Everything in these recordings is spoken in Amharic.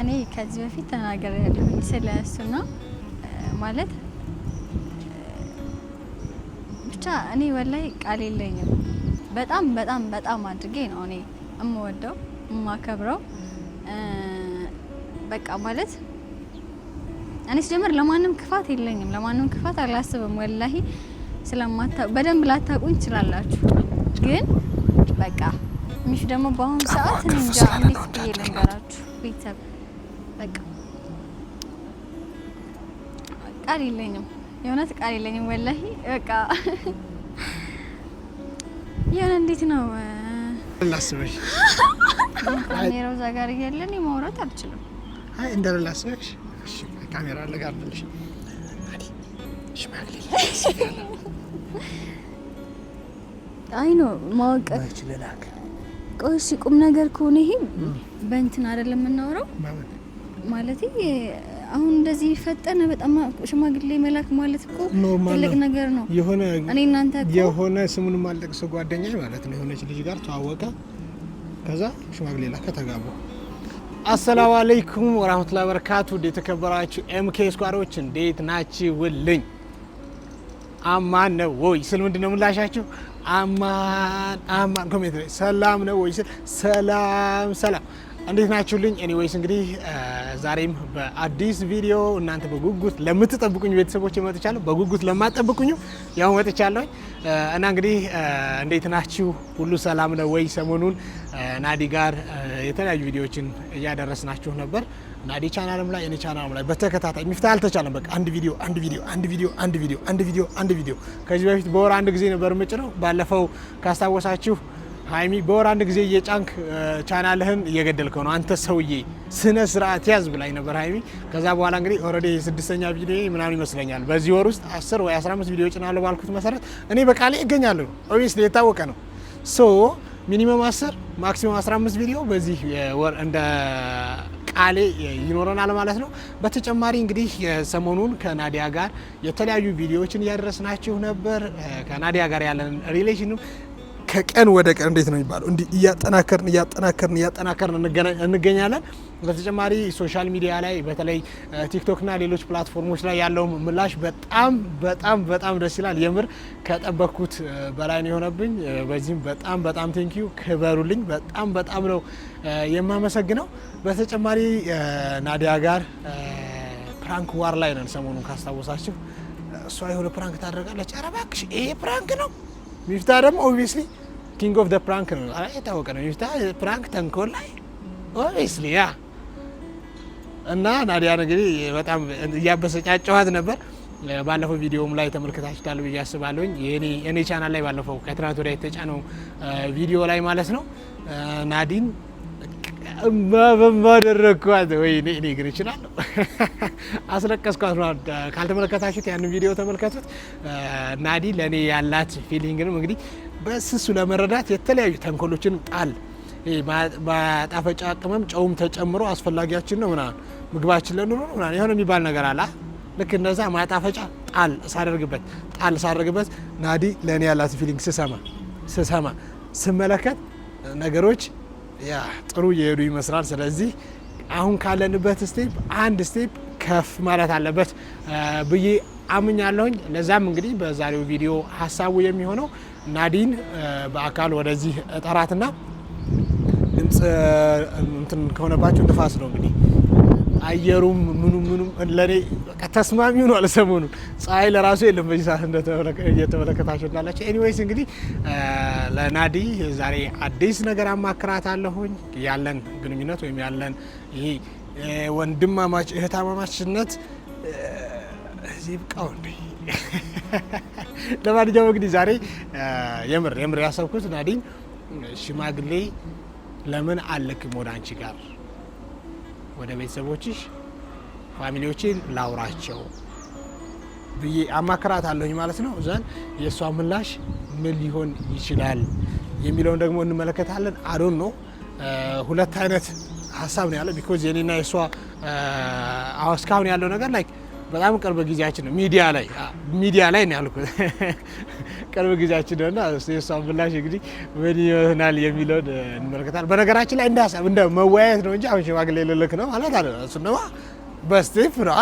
እኔ ከዚህ በፊት ተናገር ያለሁኝ ስለ እሱ ነው ማለት ብቻ እኔ ወላይ ቃል የለኝም። በጣም በጣም በጣም አድርጌ ነው እኔ እምወደው እማከብረው። በቃ ማለት እኔ ስጀምር ለማንም ክፋት የለኝም፣ ለማንም ክፋት አላስብም። ወላሂ ስለማታ በደንብ ላታውቁኝ ትችላላችሁ፣ ግን በቃ ሚሽ ደግሞ በአሁኑ ሰዓት እንጃ እንዴት ብዬ ልንገራችሁ ቤተሰብ በቃ ቃል የለኝም፣ የእውነት ቃል የለኝም። ወላሂ በቃ የሆነ እንዴት ነው ላስበሽ ካሜራው ጋር እያለን የማውራት አልችልም። አይ እንደ ላስበሽ ካሜራ አለ ጋር ብልሽ አይ ነው ማወቅ ቆይ፣ ቁም ነገር ከሆነ ይሄ በእንትን አይደለም የምናወራው ማለት አሁን እንደዚህ ፈጠነ በጣም ሽማግሌ መላክ ማለት እኮ ትልቅ ነገር ነው። የሆነ እኔ እናንተ የሆነ ስሙን ማለቅ ሰው ጓደኛ ማለት ነው የሆነች ልጅ ጋር ተዋወቀ፣ ከዛ ሽማግሌ ላከ፣ ተጋቡ። አሰላሙ አለይኩም ወራህመቱላሂ ወበረካቱ። የተከበራችሁ ኤምኬ ስኳሮች እንዴት ናችሁልኝ? አማን ነው ወይ ስል ምንድን ነው ምላሻችሁ? አማን አማን ኮሜንት ላይ ሰላም ነው ወይ ስል ሰላም ሰላም እንዴት ናችሁልኝ? ኤኒዌይስ እንግዲህ ዛሬም በአዲስ ቪዲዮ እናንተ በጉጉት ለምትጠብቁኝ ቤተሰቦች መጥቻለሁ። በጉጉት ለማጠብቁኝ ያው መጥቻለሁ እና እንግዲህ እንዴት ናችሁ? ሁሉ ሰላም ነው ወይ? ሰሞኑን ናዲ ጋር የተለያዩ ቪዲዮዎችን እያደረስናችሁ ነበር። ናዲ ቻናልም ላይ እኔ ቻናልም ላይ በተከታታይ ሚፍታህ አልተቻለም። በቃ አንድ ቪዲዮ አንድ ቪዲዮ አንድ ቪዲዮ አንድ ቪዲዮ አንድ ቪዲዮ አንድ ቪዲዮ ከዚህ በፊት በወር አንድ ጊዜ ነበር ምጭ ነው። ባለፈው ካስታወሳችሁ ሀይሚ በወር አንድ ጊዜ እየጫንክ ቻናልህን እየገደልከው ነው አንተ ሰውዬ፣ ስነ ስርዓት ያዝ ብላኝ ነበር ሀይሚ። ከዛ በኋላ እንግዲህ ኦልሬዲ ስድስተኛ ቪዲዮ ምናምን ይመስለኛል በዚህ ወር ውስጥ 10 ወይ 15 ቪዲዮ ጭናለሁ ባልኩት መሰረት እኔ በቃሌ እገኛለሁ። ኦቪስ የታወቀ ነው ሶ ሚኒመም 10 ማክሲመም 15 ቪዲዮ በዚህ ወር እንደ ቃሌ ይኖረናል ማለት ነው። በተጨማሪ እንግዲህ ሰሞኑን ከናዲያ ጋር የተለያዩ ቪዲዮዎችን እያደረስናችሁ ነበር። ከናዲያ ጋር ያለን ሪሌሽንም ከቀን ወደ ቀን እንዴት ነው የሚባለው እንዲህ እያጠናከርን እያጠናከርን እያጠናከርን እንገኛለን። በተጨማሪ ሶሻል ሚዲያ ላይ በተለይ ቲክቶክና ሌሎች ፕላትፎርሞች ላይ ያለው ምላሽ በጣም በጣም በጣም ደስ ይላል። የምር ከጠበቅኩት በላይ ነው የሆነብኝ። በዚህም በጣም በጣም ቴንኪዩ ክበሩልኝ። በጣም በጣም ነው የማመሰግነው። በተጨማሪ ናዲያ ጋር ፕራንክ ዋር ላይ ነን ሰሞኑን ካስታወሳችሁ እሷ የሆነ ፕራንክ ታደርጋለች። ኧረ እባክሽ ይሄ ፕራንክ ነው ሚፍታ ደግሞ ኦብቪስሊ ኪንግ ኦፍ ፕራንክ ነው፣ የታወቀ ነው። ሚፍታ ፕራንክ ተንኮል ላይ ኦብቪስሊ ያ እና ናዲያን እንግዲህ በጣም እያበሰጫጨዋት ነበር። ባለፈው ቪዲዮም ላይ ተመልክታችኋል ብዬ አስባለሁኝ። የእኔ ቻናል ላይ ባለፈው ከትናንት ወዲያ የተጫነው ቪዲዮ ላይ ማለት ነው ናዲን እማ በማ አደረግኳት። ወይኔ እኔ ግን እችላለሁ፣ አስለቀስኳት። ካልተመለከታችሁት ያንን ቪዲዮ ተመልከቱት። ናዲ ለእኔ ያላት ፊሊንግንም እንግዲህ በስሱ ለመረዳት የተለያዩ ተንኮሎችን ጣል ማጣፈጫ ቅመም ጨውም ተጨምሮ አስፈላጊያችን ነው ምናምን ምግባችን ለኑሮ ምናምን የሆነ የሚባል ነገር አለ። ልክ እንደዛ ማጣፈጫ ጣል ሳደርግበት ጣል ሳደርግበት ናዲ ለእኔ ያላት ፊሊንግ ስሰማ ስሰማ ስመለከት ነገሮች ጥሩ እየሄዱ ይመስላል። ስለዚህ አሁን ካለንበት ስቴፕ አንድ ስቴፕ ከፍ ማለት አለበት ብዬ አምኛለሁኝ። ለዛም እንግዲህ በዛሬው ቪዲዮ ሀሳቡ የሚሆነው ናዲን በአካል ወደዚህ ጠራትና ድምፅ እንትን ከሆነባቸው ንፋስ ነው እንግዲህ አየሩም ምኑ ምኑም ለእኔ ተስማሚ ሆኗል። ሰሞኑን ፀሐይ ለራሱ የለም በዚህ ሰዓት እንደተመለከታችሁ እንዳላቸው። ኤኒዌይስ እንግዲህ ለናዲ ዛሬ አዲስ ነገር አማክራት አለሁኝ ያለን ግንኙነት ወይም ያለን ይሄ ወንድማማች እህታማማችነት እዚህ ብቃው እንዴ ለማንኛውም እንግዲህ ዛሬ የምር የምር ያሰብኩት ናዲ ሽማግሌ ለምን አልክም ወደ አንቺ ጋር ወደ ቤተሰቦችሽ ፋሚሊዎችን ላውራቸው ብዬ አማክራት አለሁኝ ማለት ነው። እዛን የእሷ ምላሽ ምን ሊሆን ይችላል የሚለውን ደግሞ እንመለከታለን። አዶን ነው ሁለት አይነት ሀሳብ ነው ያለው ቢኮዝ የኔና የእሷ እስካሁን ያለው ነገር ላይክ በጣም ቅርብ ጊዜያችን ነው። ሚዲያ ላይ ሚዲያ ላይ ነው ያልኩት፣ ቅርብ ጊዜያችን ነው ነውና የእሷ ምላሽ እንግዲህ ምን ይሆናል የሚለውን እንመለከታል። በነገራችን ላይ እንደ ሀሳብ እንደ መወያየት ነው እንጂ አሁን ሽማግሌ ልልክ ነው ማለት አለ እሱንማ በስቴፍ ነው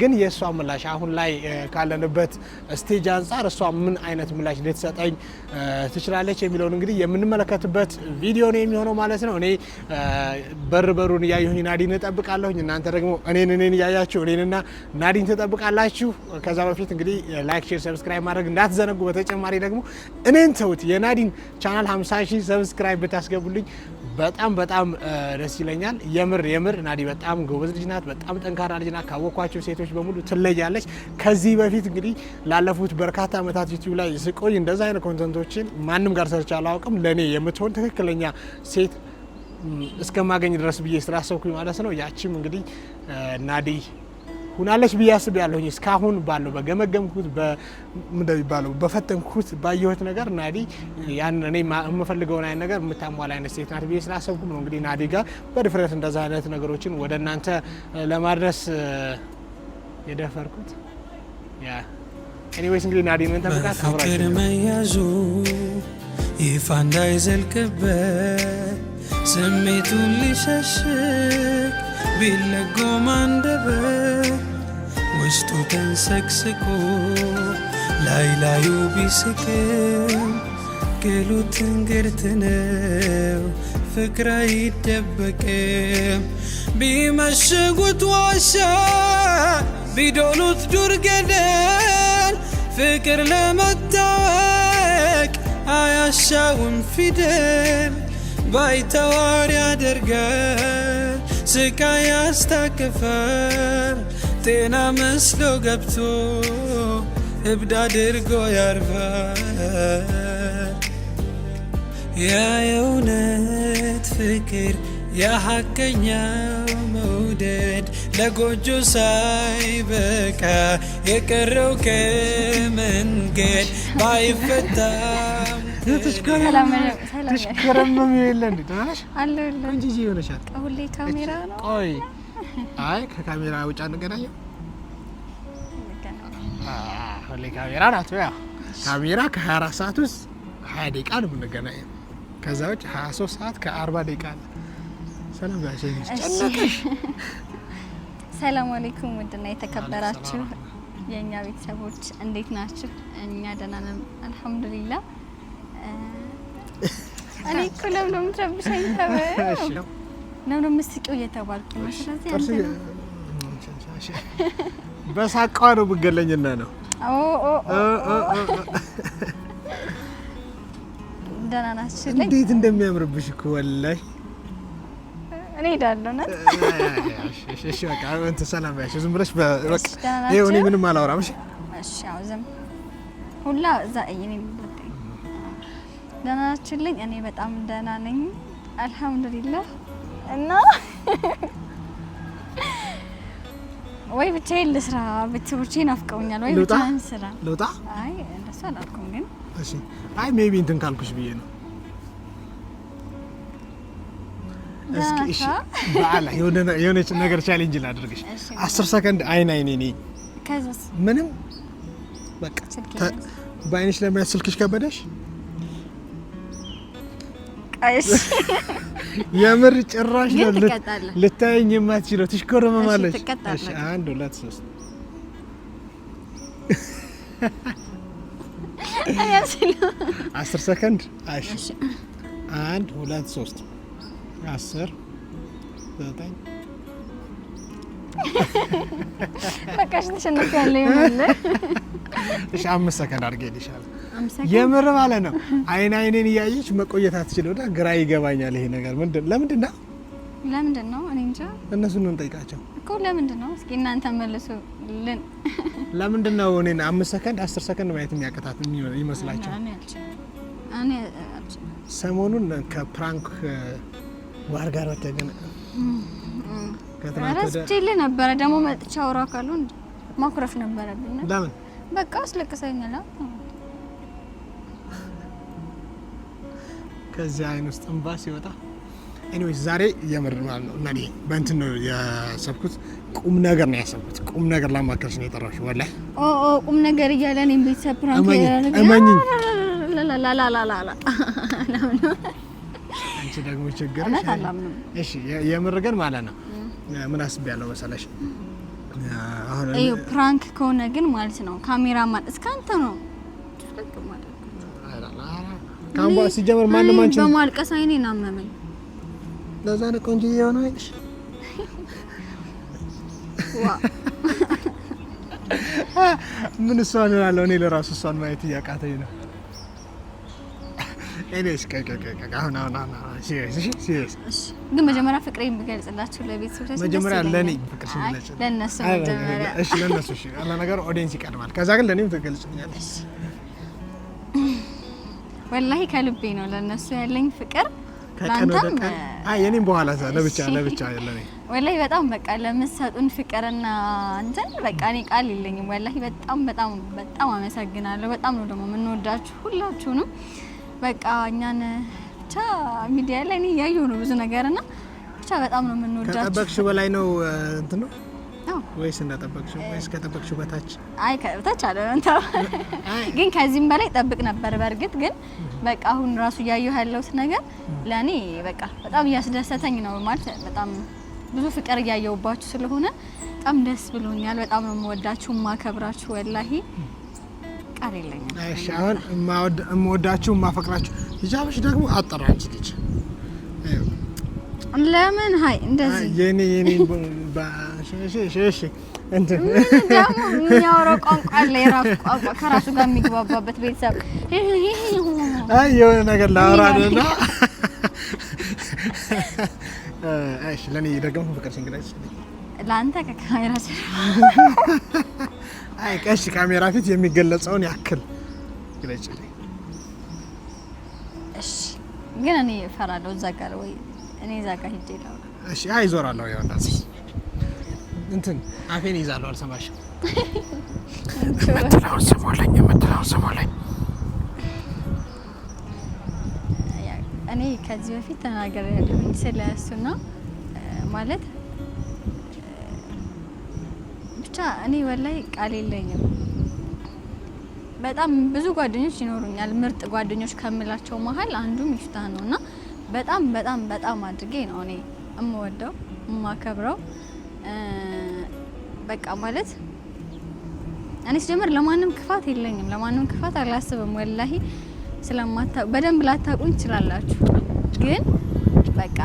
ግን የእሷ ምላሽ አሁን ላይ ካለንበት ስቴጅ አንጻር እሷ ምን አይነት ምላሽ ልትሰጠኝ ትችላለች የሚለውን እንግዲህ የምንመለከትበት ቪዲዮ ነው የሚሆነው ማለት ነው። እኔ በር በሩን እያየሁኝ ናዲን እጠብቃለሁኝ። እናንተ ደግሞ እኔን እኔን እያያችሁ እኔንና ናዲን ትጠብቃላችሁ። ከዛ በፊት እንግዲህ ላይክ፣ ሼር፣ ሰብስክራይብ ማድረግ እንዳትዘነጉ። በተጨማሪ ደግሞ እኔን ተውት የናዲን ቻናል 50 ሺህ ሰብስክራይብ ብታስገቡልኝ በጣም በጣም ደስ ይለኛል። የምር የምር ናዲ በጣም ጎበዝ ልጅ ናት። በጣም ጠንካራ ልጅ ናት። ካወኳቸው ሴቶች በሙሉ ትለያለች። ከዚህ በፊት እንግዲህ ላለፉት በርካታ ዓመታት ዩቲዩብ ላይ ስቆይ እንደዛ አይነት ኮንተንቶችን ማንም ጋር ሰርቻ አላውቅም። ለእኔ የምትሆን ትክክለኛ ሴት እስከማገኝ ድረስ ብዬ ስላሰብኩኝ ማለት ነው። ያቺም እንግዲህ ናዲ ሁናለች ብዬ ያለሁኝ እስካሁን ባለው በገመገምኩት እንደሚባለው በፈተንኩት ባየሁት ነገር ናዲ ያን እኔ የምፈልገውን አይነት ነገር የምታሟላ አይነት ሴት ናት ብዬ ስላሰብኩም ነው እንግዲህ ናዲ ጋር በድፍረት እንደዛ አይነት ነገሮችን ወደ እናንተ ለማድረስ የደፈርኩት። ኤኒዌይስ እንግዲህ ናዲ ምን ጠብቃት አብራችሁ መያዙ ይፋ እንዳይዘልቅበት ስሜቱን ሊሸሽል ቢለጎም አንደበት ውስጡ ተንሰቅስቆ ላይ ላዩ ቢስቅም ግሉ ትንግርት ነው ፍቅር አይደበቅም። ቢመሽጉት ዋሻ ቢዶሉት ዱር ገደል ፍቅር ለመታወቅ አያሻውን ፊደል ባይተዋር ያደርጋል። ስቃይ ያስታቅፈን ጤና መስሎ ገብቶ እብድ አድርጎ ያርፋል ያ የእውነት ፍቅር የሐቀኛው መውደድ ለጎጆ ሳይበቃ የቀረው ከመንገድ ባይፈታ ትሽከረመም የለ እንዴ? ደህና ነሽ? ቆንጆዬ ሆነሻል። ሁሌ ካሜራ ነው። ቆይ አይ ከካሜራ ውጭ አንገናኘው። ሁሌ ካሜራ ናት። ያው ካሜራ ከ24 ሰዓት ውስጥ 20 ደቂቃ ነው የምንገናኘው። ከዛ ውጭ 23 ሰዓት ከ40 ደቂቃ ነው። ሰላም ጋሼ፣ ሰላም አለይኩም ውድና የተከበራችሁ የእኛ ቤተሰቦች እንዴት ናችሁ? እኛ ደህና ነን አልሐምዱሊላህ። እኔ እኮ ለምለም ትረብሻኝ ተበለው እየተባልኩ ነው። ስለዚህ ነው ነው ደህና ናችሁ? እንዴት እንደሚያምርብሽ እኮ ወላሂ። እኔ ሄዳለሁ ነ ሰላም ዝም ብለሽ እኔ ምንም አላወራም። ሁላ እዛ ደህና ናችሁልኝ? እኔ በጣም ደህና ነኝ አልሐምዱሊላህ። እና ወይ ብቻዬን ልስራ፣ ቤተሰቦቼ ናፍቀውኛል። ወይ ብቻዬን ስራ ልውጣ? አይ እንደሱ አላልኩም፣ ግን እሺ። አይ ሜቢ እንትን ካልኩሽ ብዬ ነው። እስኪ እሺ፣ የሆነች ነገር ቻሌንጅ አስር ሰከንድ አይን አይኔ ምንም በቃ በአይንሽ ለማየት ስልክሽ ከበደሽ የምር ጭራሽ ነው ልታየኝ የማትችለው ትሽኮረመማለች። አንድ ሁለት ሶስት አስር ሰከንድ አንድ ሁለት ሶስት አስር ዘጠኝ በቃ እሺ፣ ተሸንፊያለሁ። እሺ፣ አምስት ሰከንድ አድርጌልሻለሁ። የምር ማለት ነው። አይን አይኔን እያየች መቆየት አትችልም። እና ግራ ይገባኛል ይሄ ነገር ምንድን ለምንድን ነው ለምንድን ነው? እኔ እንጃ። እነሱን እንጠይቃቸው እኮ ለምንድን ነው? እስኪ እናንተ መልሱልን። ለምንድን ነው እኔን አምስት ሰከንድ አስር ሰከንድ ማየት የሚያቀታት ይመስላቸው? ሰሞኑን ከፕራንክ ዋር ጋር ወተገነ ረስቼልህ ነበረ። ደግሞ መጥቼ አውራ ካሉ ማኩረፍ ነበረብኝ። ለምን በቃ አስለቅሰኛል። ከዚህ አይን ውስጥ እንባ ሲወጣ ኤኒዌይስ ዛሬ የምር ማለት ነው እና በእንትን ነው ያሰብኩት። ቁም ነገር ነው ያሰብኩት። ቁም ነገር ላማከርሽ ነው የጠራሽ። ወላሂ ቁም ነገር እያለ እኔም ቤተሰብ ፕራንክ እመኝኝ አንቺ ደግሞ ቸገረሽ። እሺ፣ የምር ግን ማለት ነው ምን አስቤያለሁ መሰለሽ? አሁን ፕራንክ ከሆነ ግን ማለት ነው ካሜራማን እስከ አንተ ነው ካምባ ሲጀመር ማንም አንቺ በማልቀስ አይኔ ናመመኝ። ለዛ ነው ቆንጆ የሆነ አይሽ ዋ ምን እሷን እላለሁ እኔ ለራሱ እሷን ማየት እያቃተኝ ነው። ግን መጀመሪያ መጀመሪያ ለእኔ ፍቅር ሲገለጽ ለእነሱ መጀመሪያ እሺ፣ ለእነሱ እሺ። ኦዲየንስ ይቀድማል። ከዛ ግን ለእኔም ትገልጽልኛለሽ። ወላሂ ከልቤ ነው ለእነሱ ያለኝ ፍቅር ለአንተም የኔም በኋላ ለብቻ ለብቻ ወላሂ በጣም በቃ ለምትሰጡን ፍቅርና እንትን በቃ እኔ ቃል የለኝም። ወላሂ በጣም በጣም በጣም አመሰግናለሁ። በጣም ነው ደግሞ የምንወዳችሁ ሁላችሁንም በቃ እኛን ብቻ ሚዲያ ላይ እኔ እያየሁ ነው ብዙ ነገር እና ብቻ በጣም ነው የምንወዳቸው። ከጠበቅሽው በላይ ነው እንትን ነው ወይስ እንደጠበቅሽው ወይስ ከጠበቅሽው በታች? አይ ከበታች አለ ግን ከዚህም በላይ ጠብቅ ነበር። በእርግጥ ግን በቃ አሁን ራሱ እያየሁ ያለሁት ነገር ለእኔ በቃ በጣም እያስደሰተኝ ነው ማለት በጣም ብዙ ፍቅር እያየሁባችሁ ስለሆነ በጣም ደስ ብሎኛል። በጣም ነው የምወዳችሁ ማከብራችሁ ወላሂ ፍቃድ የለኝም። እሺ አሁን እምወዳችሁ እማፈቅራችሁ ልጃብሽ ደግሞ አጠራ ልጅ ለምን ሀይ እንደዚህ የኔ የኔ ባሽሽ የሆነ ነገር ላወራ አይደለ? እሺ ደግሞ ፍቅር ሲንግላች ላንተ ከካሜራ ስራ አይ ቀሽ ካሜራ ፊት የሚገለጸውን ያክል ግለጭልኝ። እሺ፣ ግን እኔ እፈራለሁ። እዛ ጋር ወይ እኔ እዛ ጋር ሂጅ ይላል። እሺ፣ አይ ዞራለሁ። ያው እንዳት እንትን አፌን ይዛለሁ። አልሰማሽም? የምትለውን ስሞለኝ፣ የምትለውን ስሞለኝ። እኔ ከዚህ በፊት ተናገር ያለሁኝ ስለ እሱና ማለት እኔ ወላይ ቃል የለኝም። በጣም ብዙ ጓደኞች ይኖሩኛል። ምርጥ ጓደኞች ከምላቸው መሀል አንዱ ሚፍታ ነው እና በጣም በጣም በጣም አድርጌ ነው እኔ እምወደው እማከብረው። በቃ ማለት እኔ ስጀምር ለማንም ክፋት የለኝም፣ ለማንም ክፋት አላስብም። ወላሂ ስለማታ በደንብ ላታውቁኝ ትችላላችሁ፣ ግን በቃ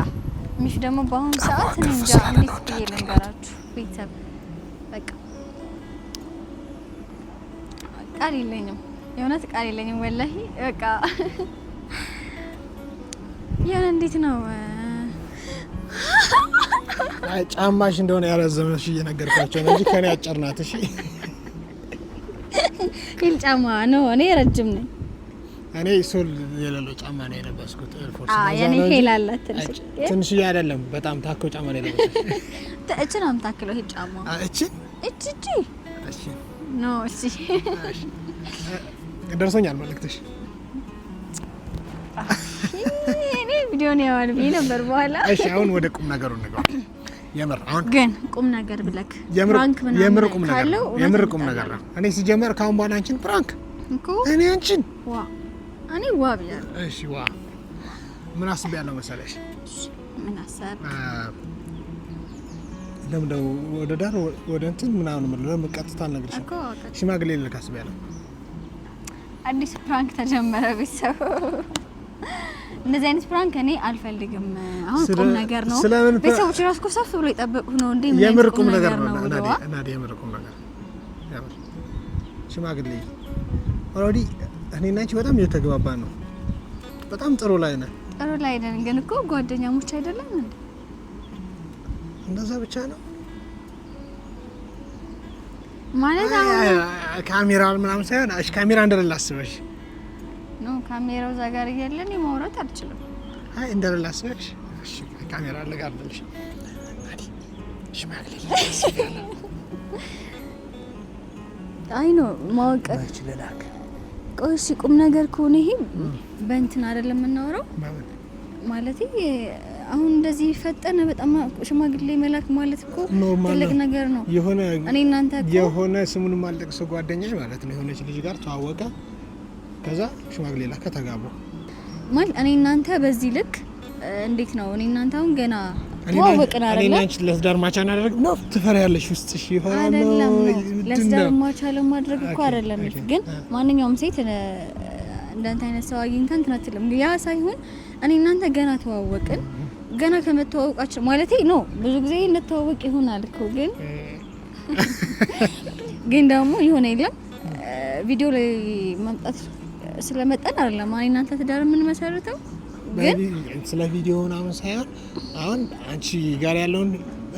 ሚሽ ደግሞ በአሁኑ ሰዓት እንጃ እንዴት ብዬ ልንገራችሁ ቤተሰብ በቃ ቃል የለኝም፣ የእውነት ቃል የለኝም። ወላሂ በቃ የሆነ እንዴት ነው ጫማሽ እንደሆነ ያረዘመሽ እየነገርኳቸው ነው እንጂ ከኔ አጭር ናት። እሺ ይል ጫማ ነው፣ እኔ ረጅም ነኝ። እኔ ሶል የሌለው ጫማ ነው የለበስኩት። ኤርፎርስ የኔ ሄል አላት ትንሽ ትንሽዬ አይደለም፣ በጣም ታኮ ጫማ ነው የለበስኩት። እቺ ነው የምታክለው ይሄ ጫማ እቺ እቺ እቺ እቺ ኖ እሺ፣ ደርሶኛል መልእክትሽ። እኔ ቪዲዮን ያዋል ብዬ ነበር በኋላ። እሺ፣ አሁን ወደ ቁም ነገሩ ንገሩ። የምር አሁን ግን ቁም ነገር ብለክ ፍራንክ ምናምን የምር ቁም ነገር ነው። የምር ቁም ነገር ነው። እኔ ሲጀመር ከአሁን በኋላ አንቺን ፕራንክ እኔ አንቺን ዋ እኔ ዋ ብያለሁ። እሺ ዋ ምን አስብ ያለው መሰለሽ? ምን አሰብ ለምደው ወደ ዳር ወደ እንትን ምናምን ምንለው ቀጥታ አልነግርሽም። ሽማግሌ ልልክ አስብ አዲስ ፕራንክ ተጀመረ። ቤተሰብ እንደዚህ አይነት ፕራንክ እኔ አልፈልግም። አሁን ቁም ነገር ነው። ቤተሰቦች ራስ እኮ ሰፍ ብሎ የጠበቁ ነው እንዴ? የምር ቁም ነገር ነው ናዲ፣ የምር ቁም ነገር ሽማግሌ ኦልሬዲ እኔና አንቺ በጣም እየተግባባ ነው። በጣም ጥሩ ላይ ነን። ጥሩ ላይ ነን ግን እኮ ጓደኛሞች አይደለም እንዴ? እንደዛ ብቻ ነው ማለት አሁን ካሜራ ምናምን ሳይሆን እሺ፣ ካሜራ እንደሌለ አስበሽ ኖ፣ ካሜራው እዛ ጋር እያለ እኔ ማውራት አልችልም። አይ እንደሌለ አስበሽ እሺ፣ ካሜራ አለ ጋር ብለሽ ሽማግሌ አይ ነው ማወቅ በቃ እሺ፣ ቁም ነገር ከሆነ ይሄ በእንትን አይደለም የምናወራው ማለት አሁን እንደዚህ ፈጠነ በጣም ሽማግሌ መላክ ማለት እኮ ትልቅ ነገር ነው። የሆነ እኔ እናንተ የሆነ ስሙን ማለቅሶ ጓደኛሽ ማለት ነው የሆነች ልጅ ጋር ተዋወቀ፣ ከዛ ሽማግሌ ላከ፣ ተጋቡ። ማለት እኔ እናንተ በዚህ ልክ እንዴት ነው እኔ እናንተ አሁን ገና እኔናንች ለትዳር ማቻ እናደርግ ነው ትፈሪያለሽ? ውስጥሽ ለትዳር ማቻ ለማድረግ እኮ አይደለም። ግን ማንኛውም ሴት እንዳንተ አይነት ሰው አግኝተን እንትን አትልም። ያ ሳይሆን እኔ እናንተ ገና ተዋወቅን። ገና ከመተዋወቃችን ማለት ነው ብዙ ጊዜ እንተዋወቅ ይሆናል እኮ ግን ግን ደግሞ ይሆነ የለም ቪዲዮ ላይ መምጣት ስለመጠን አይደለም። እኔ እናንተ ትዳር የምንመሰርተው ስለ ቪዲዮ ምናምን ሳይሆን አሁን አንቺ ጋር ያለውን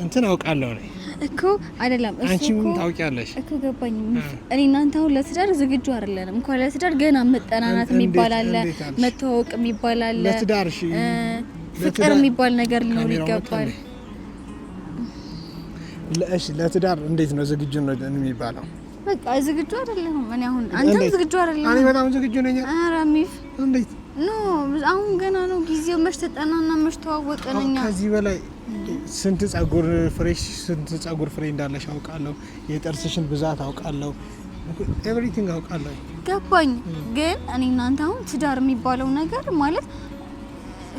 እንትን አውቃለሁ ነ እኮ አይደለም። አንቺ ምን ታውቂያለሽ እኮ ገባኝ። እኔ እናንተ አሁን ለትዳር ዝግጁ አይደለንም። እንኳን ለትዳር ገና መጠናናት የሚባል አለ፣ መተዋወቅ የሚባል አለ፣ ለትዳር ፍቅር የሚባል ነገር ሊኖር ይገባል። እሺ፣ ለትዳር እንዴት ነው ዝግጁ ነው የሚባለው? በቃ ዝግጁ አይደለሁም እኔ አሁን። አንተም ዝግጁ አይደለህም። እኔ በጣም ዝግጁ ነኝ። ኧረ እንዴት ኖ አሁን ገና ነው ጊዜው። መች ተጠናና መች ተዋወቀን እኛ። ከዚህ በላይ ስንት ጸጉር ፍሬሽ ስንት ጸጉር ፍሬ እንዳለሽ አውቃለሁ። የጥርስሽን ብዛት አውቃለሁ። ኤቭሪቲንግ አውቃለሁ። ገባኝ። ግን እኔ እናንተ አሁን ትዳር የሚባለው ነገር ማለት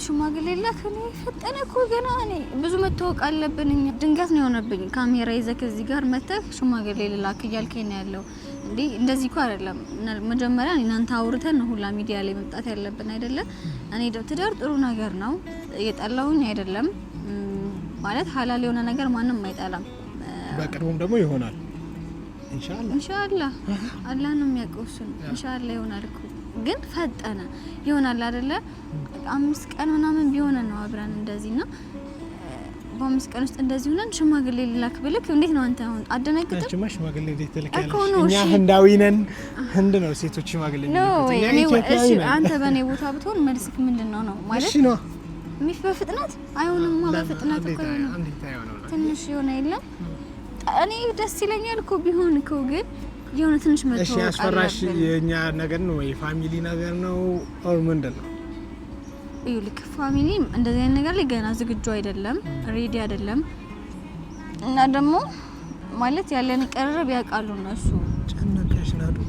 ሽማግሌ ላክ ነው ፈጠነ እኮ ገና እኔ ብዙ መታወቅ አለብን እኛ። ድንገት ነው የሆነብኝ። ካሜራ ይዘህ ከዚህ ጋር መተህ ሽማግሌ ላክ እያልከኝ ነው ያለው እንዴ እንደዚህ እኮ አይደለም። መጀመሪያ እናንተ አውርተን ነው ሁላ ሚዲያ ላይ መምጣት ያለብን አይደለ? እኔ ትዳር ጥሩ ነገር ነው የጠላውኝ አይደለም ማለት ሀላል የሆነ ነገር ማንም አይጠላም። በቅርቡም ደግሞ ይሆናል ኢንሻአላህ አላህ ነው የሚያውቀው እሱን ኢንሻአላህ ይሆናል እኮ ግን ፈጠነ ይሆናል አይደለ? አምስት ቀን ምናምን ቢሆን ነው አብረን እንደዚህ በአምስት ቀን ውስጥ እንደዚህ ሆነን ሽማግሌ ልላክ ብልክ እንዴት ነው አንተ አሁን አደነግጥም? እቺማ ሽማግሌ እንዴት ትልካለሽ? እኛ ህንዳዊ ነን። ህንድ ነው ሴቶች ሽማግሌ የሚልኩት። እሺ አንተ በእኔ ቦታ ብትሆን መልስክ ምንድን ነው ነው ማለት? እሺ ነው ሚፍ በፍጥነት አይሆንማ። በፍጥነት እኮ ትንሽ የሆነ የለም እኔ ደስ ይለኛል እኮ ቢሆን እኮ ግን የሆነ ትንሽ መጥቶ እሺ፣ አስፈራሽ የኛ ነገር ነው ወይ ፋሚሊ ነገር ነው ኦር ምንድን ነው? እዩ ፋሚሊ እንደዚህ አይነት ነገር ላይ ገና ዝግጁ አይደለም፣ ሬዲ አይደለም። እና ደግሞ ማለት ያለን ቀረብ ያውቃሉ እነሱ።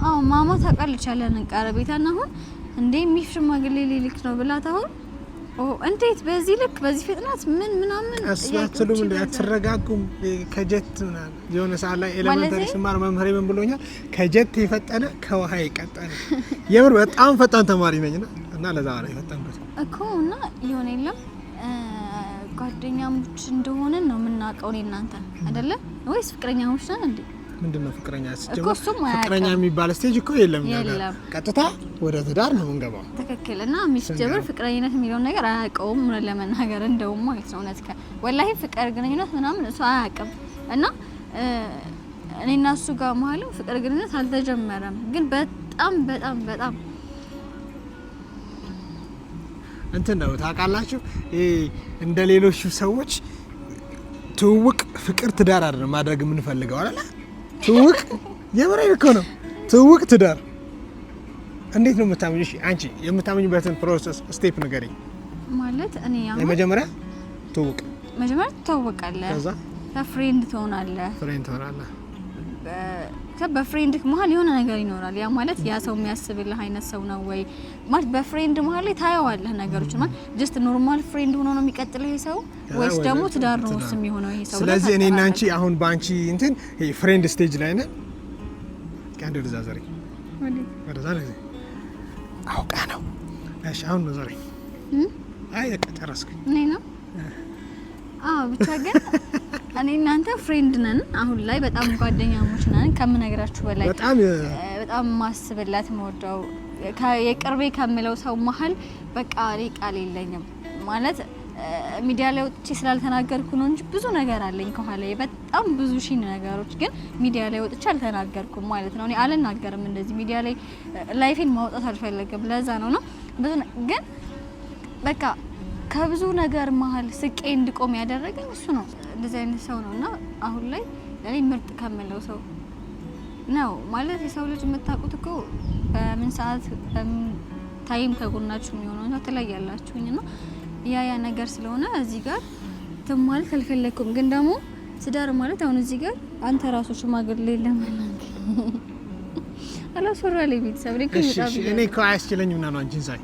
አዎ ማማ ታውቃለች ያለን ቀረብ ቤታን። አሁን እንዴ ሚፍ ሽማግሌ ሊልክ ነው ብላት አሁን እንዴት በዚህ ልክ በዚህ ፍጥነት ምን ምናምን አስባትሉም እንደ አትረጋጉም። ከጀት ምናምን የሆነ ሰዓት ላይ ኤሌመንተሪ ስማር መምህሬ ምን ብሎኛል? ከጀት የፈጠነ ከውሃ የቀጠነ የምር በጣም ፈጣን ተማሪ ነኝና እና ለዛ ነው የፈጠንኩት እኮ እና ሊሆን የለም ጓደኛሞች እንደሆነ ነው የምናውቀው እኔ እናንተ አይደለ ወይስ ፍቅረኛሞች ነን እንዴ ምንድን ነው ፍቅረኛ ስጀምር ፍቅረኛ የሚባል ስቴጅ እኮ የለም ቀጥታ ወደ ትዳር ነው የምንገባው ትክክል እና የሚስጀምር ፍቅረኝነት የሚለውን ነገር አያውቀውም እውነት ለመናገር እንደውም ማለት ነው እውነት ወላሂ ፍቅር ግንኙነት ምናምን እሱ አያውቅም እና እኔና እሱ ጋር መሀልም ፍቅር ግንኙነት አልተጀመረም ግን በጣም በጣም በጣም እንትን ነው ታውቃላችሁ። እንደ ሌሎቹ ሰዎች ትውውቅ፣ ፍቅር፣ ትዳር አይደለም ማድረግ የምንፈልገው አለ ትውውቅ የምሬ እኮ ነው። ትውውቅ ትዳር እንዴት ነው የምታምኝ? አንቺ የምታምኝበትን ፕሮሰስ ስቴፕ ንገሪኝ። ማለት እኔ አሁን መጀመሪያ ትውውቅ መጀመሪያ ትተዋወቃለህ፣ ከዛ ፍሬንድ ትሆናለህ፣ ፍሬንድ ትሆናለህ በፍሬንድ መሀል የሆነ ነገር ይኖራል። ያ ማለት ያ ሰው የሚያስብልህ አይነት ሰው ነው ወይ ማለት በፍሬንድ መሀል ላይ ታየዋለህ ነገሮች ማለት ጀስት ኖርማል ፍሬንድ ሆኖ ነው የሚቀጥለው ይሄ ሰው ወይስ ደግሞ ትዳር ነው ውስጥ የሚሆነው ይሄ ሰው? ስለዚህ እኔ እና አንቺ አሁን በአንቺ እንትን ይሄ ፍሬንድ ስቴጅ ላይ ነን። ቀንድ ወደዛ ዘሬ ወደዛ ለዚህ አውቃ ነው። እሺ አሁን ነው ዘሬ አይ በቃ ጨረስኩኝ። እኔ ነው አዎ ብቻ ግን እኔ እናንተ ፍሬንድ ነን፣ አሁን ላይ በጣም ጓደኛሞች ነን። ከምነግራችሁ በላይ በጣም በጣም ማስብላት መወደው የቅርቤ ከምለው ሰው መሀል በቃ እኔ ቃል የለኝም ማለት ሚዲያ ላይ ወጥቼ ስላልተናገርኩ ነው እንጂ ብዙ ነገር አለኝ ከኋላ በጣም ብዙ ሺህ ነገሮች፣ ግን ሚዲያ ላይ ወጥቼ አልተናገርኩም ማለት ነው። እኔ አልናገርም እንደዚህ ሚዲያ ላይ ላይፌን ማውጣት አልፈለግም። ለዛ ነው ነው ብዙ ግን በቃ ከብዙ ነገር መሀል ስቄ እንድቆም ያደረገኝ እሱ ነው። እንደዚህ አይነት ሰው ነው እና አሁን ላይ ለእኔ ምርጥ ከምለው ሰው ነው ማለት የሰው ልጅ የምታውቁት እኮ በምን ሰዓት ታይም ከጎናችሁ የሚሆነው ነው ትለያላችሁኝ እና ያ ያ ነገር ስለሆነ እዚህ ጋር ትማል አልፈለግኩም። ግን ደግሞ ትዳር ማለት አሁን እዚህ ጋር አንተ ራሱ ሽማግሌ ለማና አላስወራ ላይ ቤተሰብ ላይ እኔ እኮ አያስችለኝም ና ነው አንቺን ሳይ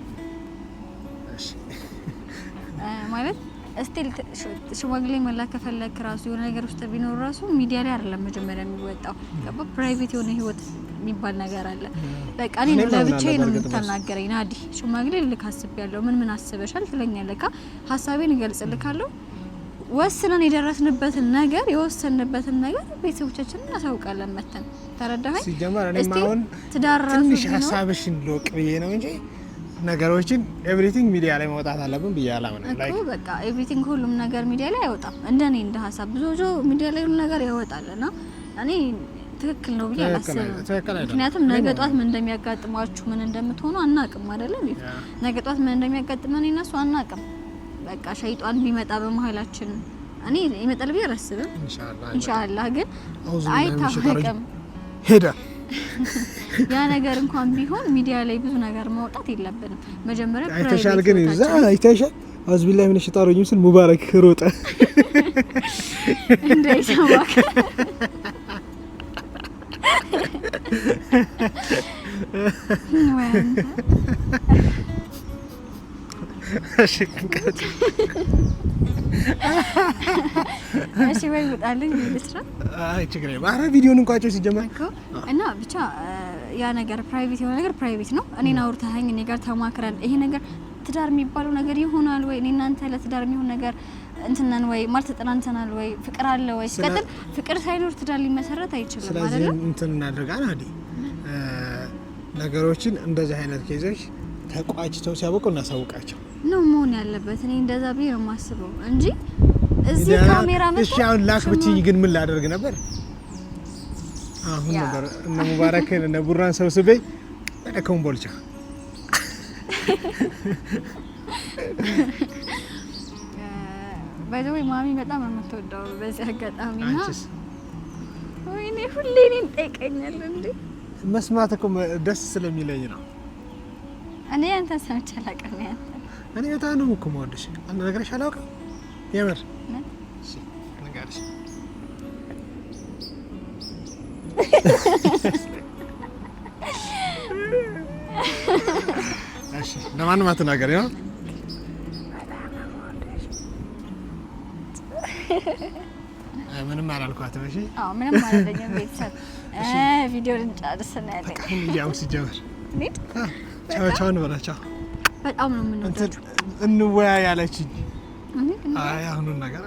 ማለት ስቲል ሽማግሌ መላክ ከፈለክ ራሱ የሆነ ነገር ውስጥ ቢኖር ራሱ ሚዲያ ላይ አይደለም መጀመሪያ የሚወጣው። ገባ ፕራይቬት የሆነ ህይወት የሚባል ነገር አለ። በቃ እኔ ለብቻዬ ነው የምታናገረኝ። ናዲ ሽማግሌ ልክ አስብ ያለው ምን ምን አስበሻል ትለኛለህ። ካ ሀሳቤን እገልጽልካለሁ። ወስነን የደረስንበትን ነገር የወሰንበትን ነገር ቤተሰቦቻችን እናሳውቃለን። መተን ተረዳኸኝ? ሲጀመር እኔም አሁን ትንሽ ሀሳብሽን ልወቅ ብዬ ነው እንጂ ነገሮችን ኤቭሪቲንግ ሚዲያ ላይ መውጣት አለብን ብዬ አላምንም። በቃ ኤቭሪቲንግ ሁሉም ነገር ሚዲያ ላይ አይወጣም። እንደኔ እንደ ሀሳብ ብዙ ብዙ ሚዲያ ላይ ሁሉ ነገር ያወጣል ያወጣልና እኔ ትክክል ነው ብዬ አላስብም። ምክንያቱም ነገ ጧት ምን እንደሚያጋጥማችሁ ምን እንደምትሆኑ አናቅም አይደለም። ነገ ጧት ምን እንደሚያጋጥመን እነሱ አናቅም። በቃ ሸይጧን ቢመጣ በመሀላችን እኔ ይመጣል ብዬ አላስብም። ኢንሻአላህ ግን አይታወቅም ሄደ ያ ነገር እንኳን ቢሆን ሚዲያ ላይ ብዙ ነገር ማውጣት የለብንም። መጀመሪያ አይተሻል፣ ግን እዛ አይተሻል። አዝቢላ ምን ሽጣሮኝ ስል ሙባረክ ሮጠ እንዳይሰማ ወይ እሺ ወይ ውጣልኝ ልስራ። አይ ችግር የለም። ኧረ ቪዲዮን ሲጀመር እና ብቻ ያ ነገር ፕራይቬት የሆነ ነገር ፕራይቬት ነው። እኔን አውርተኸኝ እኔ ጋር ተማክረን ይሄ ነገር ትዳር የሚባለው ነገር ይሆናል ወይ? እኔ እናንተ ለትዳር የሚሆን ነገር እንትነን ወይ ማለት ተጠናንተናል ወይ? ፍቅር አለ ወይ? ሲቀጥል ፍቅር ሳይኖር ትዳር ሊመሰረት አይችልም ስለዚህ እንትን እናደርጋል ነገሮችን እንደዚህ አይነት ኬዞች ተቋጭተው ሲያበቁ እናሳውቃቸው። ነው መሆን ያለበት። እኔ እንደዛ ብዬ ነው የማስበው እንጂ እዚህ ካሜራ መጣ። እሺ አሁን ላክ ብትይኝ ግን ምን ላደርግ ነበር? አሁን ነበር እነ ሙባረክ እነ ቡራን ሰብስቤ ባይ ዘ ወይ ማሚ በጣም ነው የምትወደው። በዚህ አጋጣሚ ና ወይኔ ሁሌ እኔን ጠይቀኛል እንዴ መስማት እኮ ደስ ስለሚለኝ ነው። እኔ አንተ ሰምቼ አላውቅም። እኔ በጣም ነው እኮ የምወድሽ። አንድ ነገርሽ አላውቅም። የምር እሺ፣ ንገርሽ እሺ። ለማንም አትናገሪ ነው ምንም አላልኳትም። እሺ፣ አዎ፣ ምንም አላለኝም። ቤተሰብ ቪዲዮ ልንጨርስ ነው ያለኝ። ያው ሲጀምር ቻው ቻው እንበላቸው በጣም ነው የምንወዳችሁ። አይ አሁኑን ነገር